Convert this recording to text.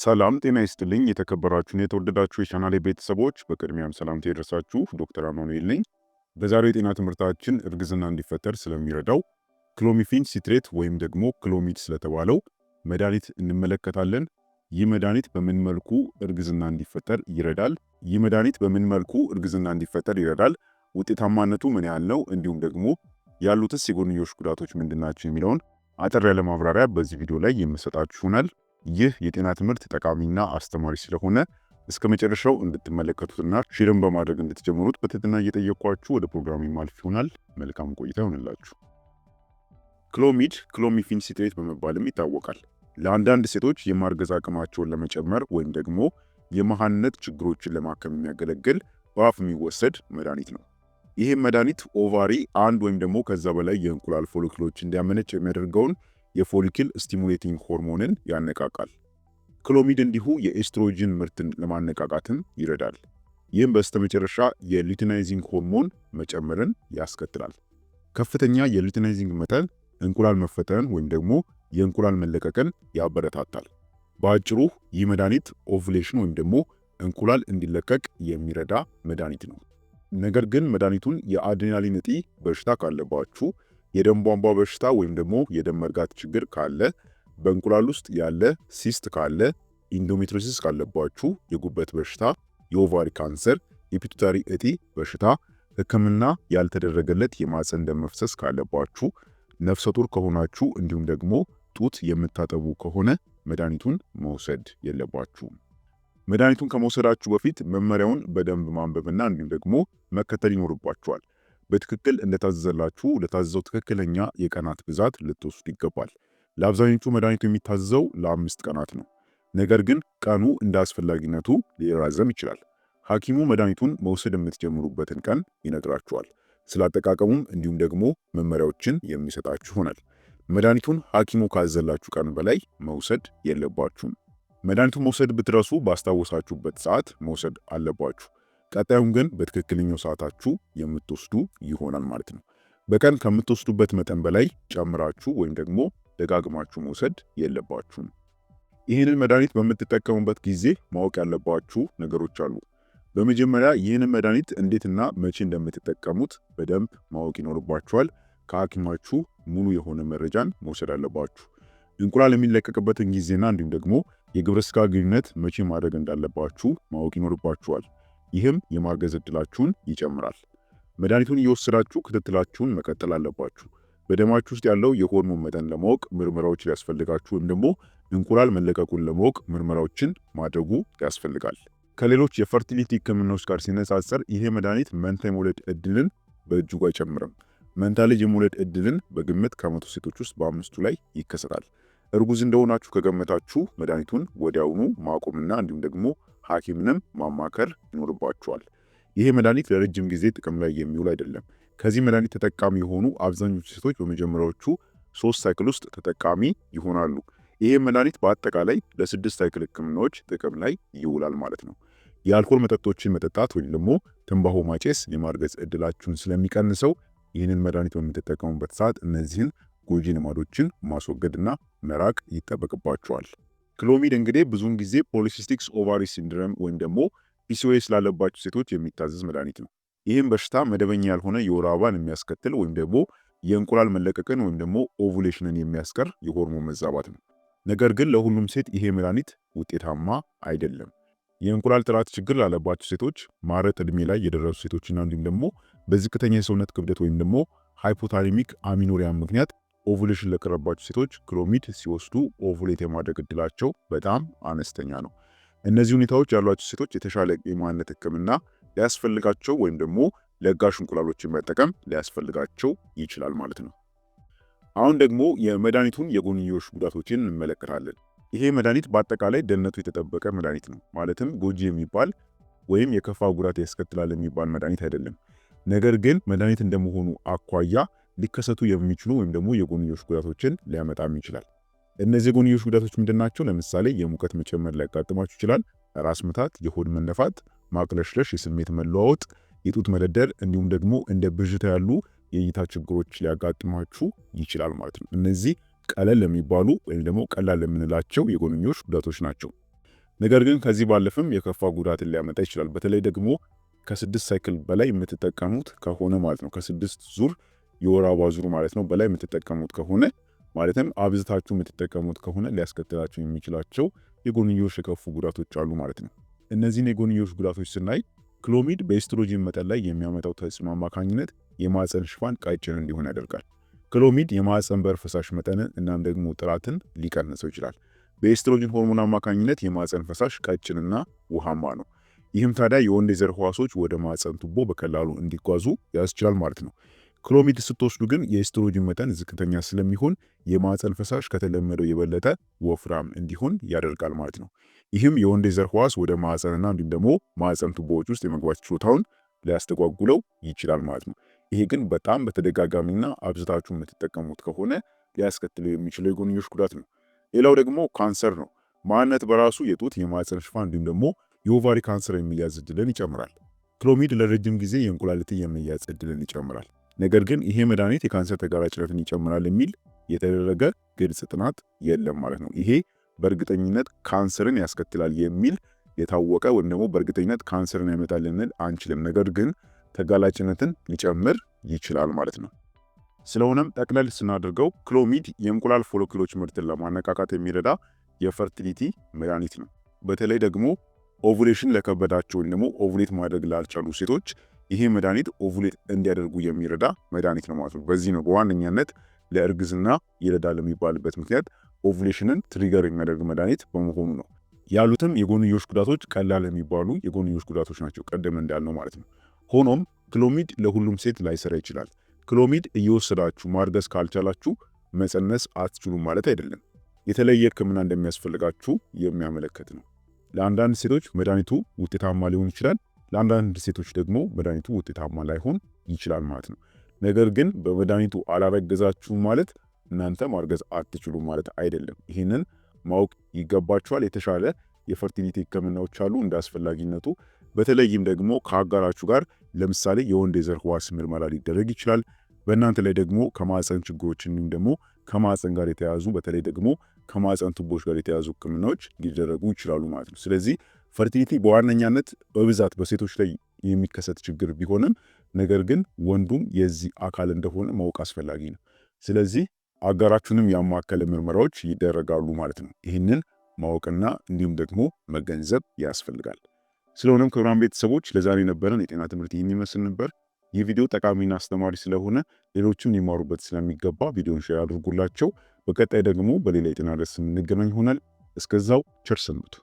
ሰላም ጤና ይስጥልኝ። የተከበራችሁን የተወደዳችሁ የቻናሌ ቤተሰቦች በቅድሚያም ሰላምታ የደርሳችሁ ዶክተር አማኑኤል ነኝ። በዛሬው የጤና ትምህርታችን እርግዝና እንዲፈጠር ስለሚረዳው ክሎሚፊን ሲትሬት ወይም ደግሞ ክሎሚድ ስለተባለው መድኃኒት እንመለከታለን። ይህ መድኃኒት በምን መልኩ እርግዝና እንዲፈጠር ይረዳል? ይህ መድኃኒት በምን መልኩ እርግዝና እንዲፈጠር ይረዳል? ውጤታማነቱ ምን ያህል ነው? እንዲሁም ደግሞ ያሉትስ የጎንዮሽ ጉዳቶች ምንድናቸው? የሚለውን አጠር ያለ ማብራሪያ በዚህ ቪዲዮ ላይ የምሰጣችሁ ይሆናል። ይህ የጤና ትምህርት ጠቃሚና አስተማሪ ስለሆነ እስከ መጨረሻው እንድትመለከቱትና ሽርም በማድረግ እንድትጀምሩት በትህትና እየጠየኳችሁ ወደ ፕሮግራም ማልፍ ይሆናል። መልካም ቆይታ ይሆንላችሁ። ክሎሚድ ክሎሚፊን ሲትሬት በመባልም ይታወቃል። ለአንዳንድ ሴቶች የማርገዝ አቅማቸውን ለመጨመር ወይም ደግሞ የመሃንነት ችግሮችን ለማከም የሚያገለግል በአፍ የሚወሰድ መድኃኒት ነው። ይህም መድኃኒት ኦቫሪ አንድ ወይም ደግሞ ከዛ በላይ የእንቁላል ፎሎክሎች እንዲያመነጭ የሚያደርገውን የፎሊክል ስቲሙሌቲንግ ሆርሞንን ያነቃቃል። ክሎሚድ እንዲሁ የኤስትሮጅን ምርትን ለማነቃቃትም ይረዳል። ይህም በስተመጨረሻ የሉቲናይዚንግ ሆርሞን መጨመርን ያስከትላል። ከፍተኛ የሉቲናይዚንግ መጠን እንቁላል መፈጠርን ወይም ደግሞ የእንቁላል መለቀቅን ያበረታታል። በአጭሩ ይህ መድኃኒት ኦቭሌሽን ወይም ደግሞ እንቁላል እንዲለቀቅ የሚረዳ መድኃኒት ነው። ነገር ግን መድኃኒቱን የአድሬናሊን እጢ በሽታ ካለባችሁ የደም ቧንቧ በሽታ ወይም ደግሞ የደም መርጋት ችግር ካለ፣ በእንቁላል ውስጥ ያለ ሲስት ካለ፣ ኢንዶሜትሪሲስ ካለባችሁ፣ የጉበት በሽታ፣ የኦቫሪ ካንሰር፣ የፒቱታሪ እጢ በሽታ፣ ህክምና ያልተደረገለት የማፀን ደም መፍሰስ ካለባችሁ፣ ነፍሰ ጡር ከሆናችሁ እንዲሁም ደግሞ ጡት የምታጠቡ ከሆነ መድኃኒቱን መውሰድ የለባችሁም። መድኃኒቱን ከመውሰዳችሁ በፊት መመሪያውን በደንብ ማንበብና እንዲሁም ደግሞ መከተል ይኖርባችኋል። በትክክል እንደታዘዘላችሁ ለታዘዘው ትክክለኛ የቀናት ብዛት ልትወስዱ ይገባል። ለአብዛኞቹ መድኃኒቱ የሚታዘዘው ለአምስት ቀናት ነው። ነገር ግን ቀኑ እንደ አስፈላጊነቱ ሊራዘም ይችላል። ሐኪሙ መድኃኒቱን መውሰድ የምትጀምሩበትን ቀን ይነግራችኋል። ስላጠቃቀሙም እንዲሁም ደግሞ መመሪያዎችን የሚሰጣችሁ ይሆናል። መድኃኒቱን ሐኪሙ ካዘላችሁ ቀን በላይ መውሰድ የለባችሁም። መድኃኒቱን መውሰድ ብትረሱ ባስታወሳችሁበት ሰዓት መውሰድ አለባችሁ። ቀጣዩም ግን በትክክለኛው ሰዓታችሁ የምትወስዱ ይሆናል ማለት ነው። በቀን ከምትወስዱበት መጠን በላይ ጨምራችሁ ወይም ደግሞ ደጋግማችሁ መውሰድ የለባችሁም። ይህንን መድኃኒት በምትጠቀሙበት ጊዜ ማወቅ ያለባችሁ ነገሮች አሉ። በመጀመሪያ ይህንን መድኃኒት እንዴትና መቼ እንደምትጠቀሙት በደንብ ማወቅ ይኖርባችኋል። ከሐኪማችሁ ሙሉ የሆነ መረጃን መውሰድ አለባችሁ። እንቁላል የሚለቀቅበትን ጊዜና እንዲሁም ደግሞ የግብረ ስጋ ግንኙነት መቼ ማድረግ እንዳለባችሁ ማወቅ ይኖርባችኋል። ይህም የማርገዝ እድላችሁን ይጨምራል። መድኃኒቱን እየወሰዳችሁ ክትትላችሁን መቀጠል አለባችሁ። በደማችሁ ውስጥ ያለው የሆርሞን መጠን ለማወቅ ምርመራዎች ሊያስፈልጋችሁ ወይም ደግሞ እንቁላል መለቀቁን ለማወቅ ምርመራዎችን ማድረጉ ያስፈልጋል። ከሌሎች የፈርቲሊቲ ህክምናዎች ጋር ሲነጻጸር ይሄ መድኃኒት መንታ የመውለድ እድልን በእጅጉ አይጨምርም። መንታ ልጅ የመውለድ እድልን በግምት ከመቶ ሴቶች ውስጥ በአምስቱ ላይ ይከሰታል። እርጉዝ እንደሆናችሁ ከገመታችሁ መድኃኒቱን ወዲያውኑ ማቆምና እንዲሁም ደግሞ ሐኪምንም ማማከር ይኖርባችኋል። ይሄ መድኃኒት ለረጅም ጊዜ ጥቅም ላይ የሚውል አይደለም። ከዚህ መድኃኒት ተጠቃሚ የሆኑ አብዛኞቹ ሴቶች በመጀመሪያዎቹ ሶስት ሳይክል ውስጥ ተጠቃሚ ይሆናሉ። ይሄ መድኃኒት በአጠቃላይ ለስድስት ሳይክል ህክምናዎች ጥቅም ላይ ይውላል ማለት ነው። የአልኮል መጠጦችን መጠጣት ወይም ደግሞ ትንባሆ ማጨስ የማርገዝ እድላችሁን ስለሚቀንሰው ይህንን መድኃኒት በምትጠቀሙበት ሰዓት እነዚህን ጎጂ ልማዶችን ማስወገድና መራቅ ይጠበቅባቸዋል። ክሎሚድ እንግዲህ ብዙውን ጊዜ ፖሊሲስቲክስ ኦቫሪ ሲንድረም ወይም ደግሞ ፒሲኦኤስ ላለባቸው ሴቶች የሚታዘዝ መድኃኒት ነው። ይህም በሽታ መደበኛ ያልሆነ የወር አበባን የሚያስከትል ወይም ደግሞ የእንቁላል መለቀቅን ወይም ደግሞ ኦቭሌሽንን የሚያስቀር የሆርሞን መዛባት ነው። ነገር ግን ለሁሉም ሴት ይሄ መድኃኒት ውጤታማ አይደለም። የእንቁላል ጥራት ችግር ላለባቸው ሴቶች፣ ማረጥ እድሜ ላይ የደረሱ ሴቶችና እንዲሁም ደግሞ በዝቅተኛ የሰውነት ክብደት ወይም ደግሞ ሃይፖታሊሚክ አሚኖሪያ ምክንያት ኦቭሌሽን ለቀረባቸው ሴቶች ክሎሚድ ሲወስዱ ኦቭሌት የማድረግ እድላቸው በጣም አነስተኛ ነው። እነዚህ ሁኔታዎች ያሏቸው ሴቶች የተሻለ የማንነት ህክምና ሊያስፈልጋቸው ወይም ደግሞ ለጋሽ እንቁላሎችን መጠቀም ሊያስፈልጋቸው ይችላል ማለት ነው። አሁን ደግሞ የመድኃኒቱን የጎንዮሽ ጉዳቶችን እንመለከታለን። ይሄ መድኃኒት በአጠቃላይ ደህንነቱ የተጠበቀ መድኃኒት ነው። ማለትም ጎጂ የሚባል ወይም የከፋ ጉዳት ያስከትላል የሚባል መድኃኒት አይደለም። ነገር ግን መድኃኒት እንደመሆኑ አኳያ ሊከሰቱ የሚችሉ ወይም ደግሞ የጎንዮሽ ጉዳቶችን ሊያመጣም ይችላል። እነዚህ የጎንዮሽ ጉዳቶች ምንድን ናቸው? ለምሳሌ የሙቀት መጨመር ሊያጋጥማችሁ ይችላል። ራስ ምታት፣ የሆድ መነፋት፣ ማቅለሽለሽ፣ የስሜት መለዋወጥ፣ የጡት መደደር እንዲሁም ደግሞ እንደ ብዥታ ያሉ የእይታ ችግሮች ሊያጋጥማችሁ ይችላል ማለት ነው። እነዚህ ቀለል ለሚባሉ ወይም ደግሞ ቀላል ለምንላቸው የጎንዮሽ ጉዳቶች ናቸው። ነገር ግን ከዚህ ባለፍም የከፋ ጉዳትን ሊያመጣ ይችላል። በተለይ ደግሞ ከስድስት ሳይክል በላይ የምትጠቀሙት ከሆነ ማለት ነው ከስድስት ዙር የወር አበባ ዙሩ ማለት ነው በላይ የምትጠቀሙት ከሆነ ማለትም አብዝታችሁ የምትጠቀሙት ከሆነ ሊያስከትላቸው የሚችላቸው የጎንዮሽ የከፉ ጉዳቶች አሉ ማለት ነው። እነዚህን የጎንዮሽ ጉዳቶች ስናይ ክሎሚድ በኤስትሮጂን መጠን ላይ የሚያመጣው ተጽዕኖ አማካኝነት የማፀን ሽፋን ቀጭን እንዲሆን ያደርጋል። ክሎሚድ የማፀን በር ፈሳሽ መጠንን እናም ደግሞ ጥራትን ሊቀንሰው ይችላል። በኤስትሮጂን ሆርሞን አማካኝነት የማፀን ፈሳሽ ቀጭንና ውሃማ ነው። ይህም ታዲያ የወንድ የዘር ህዋሶች ወደ ማፀን ቱቦ በቀላሉ እንዲጓዙ ያስችላል ማለት ነው። ክሎሚድ ስትወስዱ ግን የኤስትሮጅን መጠን ዝቅተኛ ስለሚሆን የማህፀን ፈሳሽ ከተለመደው የበለጠ ወፍራም እንዲሆን ያደርጋል ማለት ነው። ይህም የወንድ የዘር ህዋስ ወደ ማህፀንና እንዲሁም ደግሞ ማህፀን ቱቦዎች ውስጥ የመግባት ችሎታውን ሊያስተጓጉለው ይችላል ማለት ነው። ይሄ ግን በጣም በተደጋጋሚና አብዝታችሁ የምትጠቀሙት ከሆነ ሊያስከትለው የሚችለው የጎንዮሽ ጉዳት ነው። ሌላው ደግሞ ካንሰር ነው። ማነት በራሱ የጡት የማህፀን ሽፋን እንዲሁም ደግሞ የኦቫሪ ካንሰር የሚያዝ ዕድልን ይጨምራል። ክሎሚድ ለረጅም ጊዜ የእንቁላሊት የመያዝ እድልን ይጨምራል። ነገር ግን ይሄ መድኃኒት የካንሰር ተጋላጭነትን ይጨምራል የሚል የተደረገ ግልጽ ጥናት የለም ማለት ነው። ይሄ በእርግጠኝነት ካንሰርን ያስከትላል የሚል የታወቀ ወይም ደግሞ በእርግጠኝነት ካንሰርን ያመጣል ልንል አንችልም። ነገር ግን ተጋላጭነትን ሊጨምር ይችላል ማለት ነው። ስለሆነም ጠቅለል ስናደርገው ክሎሚድ የእንቁላል ፎሎክሎች ምርትን ለማነቃቃት የሚረዳ የፈርቲሊቲ መድኃኒት ነው። በተለይ ደግሞ ኦቭሌሽን ለከበዳቸው ወይም ደግሞ ኦቭሌት ማድረግ ላልቻሉ ሴቶች ይሄ መድኃኒት ኦቭሌት እንዲያደርጉ የሚረዳ መድኃኒት ነው ማለት ነው። በዚህ ነው በዋነኛነት ለእርግዝና ይረዳል የሚባልበት ምክንያት ኦቭሌሽንን ትሪገር የሚያደርግ መድኃኒት በመሆኑ ነው። ያሉትም የጎንዮሽ ጉዳቶች ቀላል የሚባሉ የጎንዮሽ ጉዳቶች ናቸው፣ ቀደም እንዳልነው ማለት ነው። ሆኖም ክሎሚድ ለሁሉም ሴት ላይሰራ ይችላል። ክሎሚድ እየወሰዳችሁ ማርገዝ ካልቻላችሁ መፀነስ አትችሉም ማለት አይደለም። የተለየ ሕክምና እንደሚያስፈልጋችሁ የሚያመለክት ነው። ለአንዳንድ ሴቶች መድኃኒቱ ውጤታማ ሊሆን ይችላል። ለአንዳንድ ሴቶች ደግሞ መድኃኒቱ ውጤታማ ላይሆን ይችላል ማለት ነው። ነገር ግን በመድኃኒቱ አላረገዛችሁም ማለት እናንተ ማርገዝ አትችሉም ማለት አይደለም። ይህንን ማወቅ ይገባችኋል። የተሻለ የፈርቲሊቲ ህክምናዎች አሉ እንደ አስፈላጊነቱ። በተለይም ደግሞ ከአጋራችሁ ጋር ለምሳሌ የወንድ የዘር ሕዋስ ምርመራ ሊደረግ ይችላል። በእናንተ ላይ ደግሞ ከማፀን ችግሮች እንዲሁም ደግሞ ከማፀን ጋር የተያዙ በተለይ ደግሞ ከማፀን ቱቦች ጋር የተያዙ ህክምናዎች ሊደረጉ ይችላሉ ማለት ነው። ስለዚህ ፈርቲሊቲ በዋነኛነት በብዛት በሴቶች ላይ የሚከሰት ችግር ቢሆንም ነገር ግን ወንዱም የዚህ አካል እንደሆነ ማወቅ አስፈላጊ ነው። ስለዚህ አጋራችሁንም ያማከለ ምርመራዎች ይደረጋሉ ማለት ነው። ይህንን ማወቅና እንዲሁም ደግሞ መገንዘብ ያስፈልጋል። ስለሆነም ክቡራን ቤተሰቦች ለዛሬ ነበረን የጤና ትምህርት ይህን ይመስል ነበር። ይህ ቪዲዮ ጠቃሚና አስተማሪ ስለሆነ ሌሎችም ሊማሩበት ስለሚገባ ቪዲዮን ሼር አድርጉላቸው። በቀጣይ ደግሞ በሌላ የጤና ደስ የምንገናኝ ይሆናል። እስከዛው ቸር ሰንብቱ።